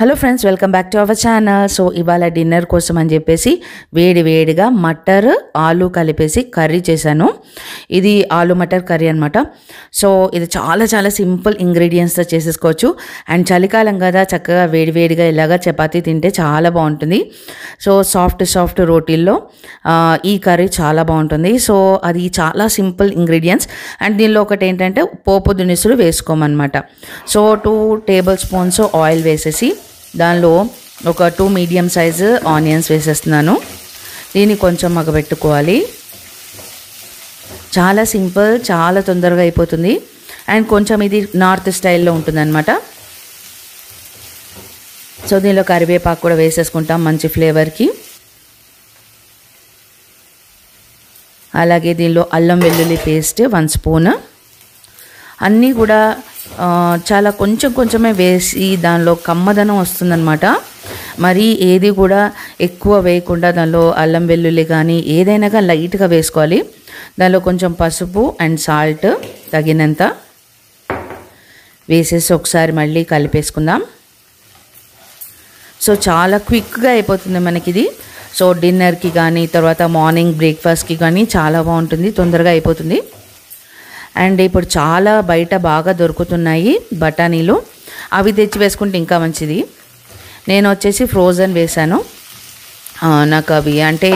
hello friends welcome back to our channel so ఇవాళ dinner కోసం అని చెప్పేసి వేడి వేడిగా మటర్ ఆలు కలిపేసి కర్రీ చేశాను ఇది ఆలు మటర్ కర్రీ అనమాట సో ఇది చాలా చాలా సింపుల్ ఇంగ్రీడియంట్స్తో చేసేసుకోవచ్చు అండ్ చలికాలం కదా చక్కగా వేడి వేడిగా ఇలాగ చపాతీ తింటే చాలా బాగుంటుంది సో సాఫ్ట్ సాఫ్ట్ రోటీల్లో ఈ కర్రీ చాలా బాగుంటుంది సో అది చాలా సింపుల్ ఇంగ్రీడియంట్స్ అండ్ దీనిలో ఒకటి ఏంటంటే పోపు దినుసులు వేసుకోమన్నమాట so two tablespoons oil వేసేసి దానిలో ఒక టూ మీడియం సైజు ఆనియన్స్ వేసేస్తున్నాను దీన్ని కొంచెం మగబెట్టుకోవాలి చాలా సింపుల్ చాలా తొందరగా అయిపోతుంది అండ్ కొంచెం ఇది నార్త్ స్టైల్లో ఉంటుందన్నమాట సో దీనిలో కరివేపాకు కూడా వేసేసుకుంటాం మంచి ఫ్లేవర్కి అలాగే దీనిలో అల్లం వెల్లుల్లి పేస్ట్ వన్ స్పూన్ అన్నీ కూడా చాలా కొంచెం కొంచెమే వేసి దానిలో కమ్మదనం వస్తుందన్నమాట మరి ఏది కూడా ఎక్కువ వేయకుండా దానిలో అల్లం వెల్లుల్లి కానీ ఏదైనా కానీ లైట్గా వేసుకోవాలి దానిలో కొంచెం పసుపు అండ్ సాల్ట్ తగినంత వేసేసి ఒకసారి మళ్ళీ కలిపేసుకుందాం సో చాలా క్విక్గా అయిపోతుంది మనకి ఇది సో డిన్నర్కి కానీ తర్వాత మార్నింగ్ బ్రేక్ఫాస్ట్కి కానీ చాలా బాగుంటుంది తొందరగా అయిపోతుంది అండ్ ఇప్పుడు చాలా బయట బాగా దొరుకుతున్నాయి బఠానీలు అవి తెచ్చి వేసుకుంటే ఇంకా మంచిది నేను వచ్చేసి ఫ్రోజన్ వేశాను నాకు అవి అంటే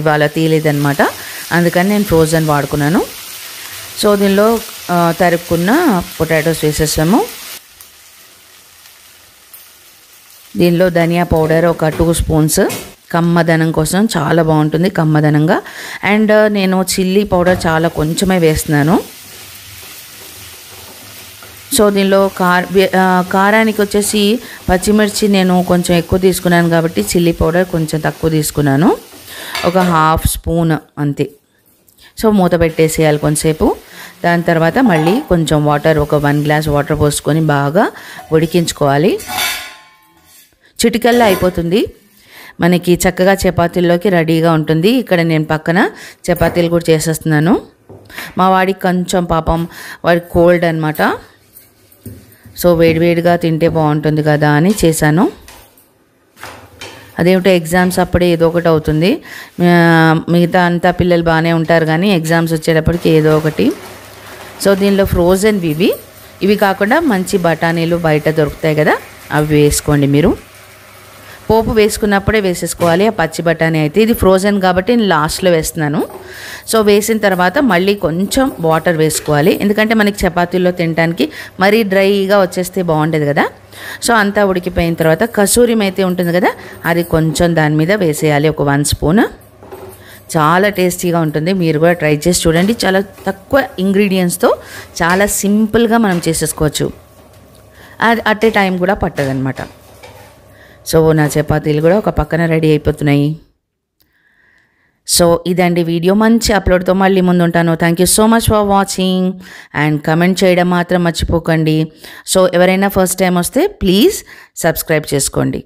ఇవాళ తీయలేదనమాట అందుకని నేను ఫ్రోజన్ వాడుకున్నాను సో దీనిలో తరుపుకున్న పొటాటోస్ వేసేసాము దీనిలో ధనియా పౌడర్ ఒక టూ స్పూన్స్ కమ్మదనం కోసం చాలా బాగుంటుంది కమ్మదనంగా అండ్ uh, నేను చిల్లీ పౌడర్ చాలా కొంచెమే వేస్తున్నాను సో దీనిలో కార్ uh, కారానికి వచ్చేసి పచ్చిమిర్చి నేను కొంచెం ఎక్కువ తీసుకున్నాను కాబట్టి చిల్లీ పౌడర్ కొంచెం తక్కువ తీసుకున్నాను ఒక హాఫ్ స్పూన్ అంతే సో మూత పెట్టేసేయాలి కొంతసేపు దాని తర్వాత మళ్ళీ కొంచెం వాటర్ ఒక వన్ గ్లాస్ వాటర్ పోసుకొని బాగా ఉడికించుకోవాలి చిటికల్లా అయిపోతుంది మనకి చక్కగా చపాతీల్లోకి రెడీగా ఉంటుంది ఇక్కడ నేను పక్కన చపాతీలు కూడా చేసేస్తున్నాను మా వాడికి కొంచెం పాపం వాడి కోల్డ్ అనమాట సో వేడివేడిగా తింటే బాగుంటుంది కదా అని చేశాను అదేమిటో ఎగ్జామ్స్ అప్పుడే ఏదో ఒకటి అవుతుంది మిగతా అంతా పిల్లలు బాగానే ఉంటారు కానీ ఎగ్జామ్స్ వచ్చేటప్పటికి ఏదో ఒకటి సో దీనిలో ఫ్రోజన్వి ఇవి ఇవి కాకుండా మంచి బఠానీలు బయట దొరుకుతాయి కదా అవి వేసుకోండి మీరు పోపు వేసుకున్నప్పుడే వేసేసుకోవాలి ఆ పచ్చి బఠానీ అయితే ఇది ఫ్రోజన్ కాబట్టి నేను లాస్ట్లో వేస్తున్నాను సో వేసిన తర్వాత మళ్ళీ కొంచెం వాటర్ వేసుకోవాలి ఎందుకంటే మనకి చపాతీల్లో తినడానికి మరీ డ్రైగా వచ్చేస్తే బాగుండేది కదా సో అంతా ఉడికిపోయిన తర్వాత కసూరి అయితే ఉంటుంది కదా అది కొంచెం దాని మీద వేసేయాలి ఒక వన్ స్పూన్ చాలా టేస్టీగా ఉంటుంది మీరు కూడా ట్రై చేసి చూడండి చాలా తక్కువ ఇంగ్రీడియంట్స్తో చాలా సింపుల్గా మనం చేసేసుకోవచ్చు అట్టే టైం కూడా పట్టదనమాట సో నా చపాతీలు కూడా ఒక పక్కన రెడీ అయిపోతున్నాయి సో ఇదండి వీడియో మంచి అప్లోడ్తో మళ్ళీ ముందు ఉంటాను thank you so much for watching and comment చేయడం మాత్రం మర్చిపోకండి సో ఎవరైనా ఫస్ట్ టైం వస్తే ప్లీజ్ సబ్స్క్రైబ్ చేసుకోండి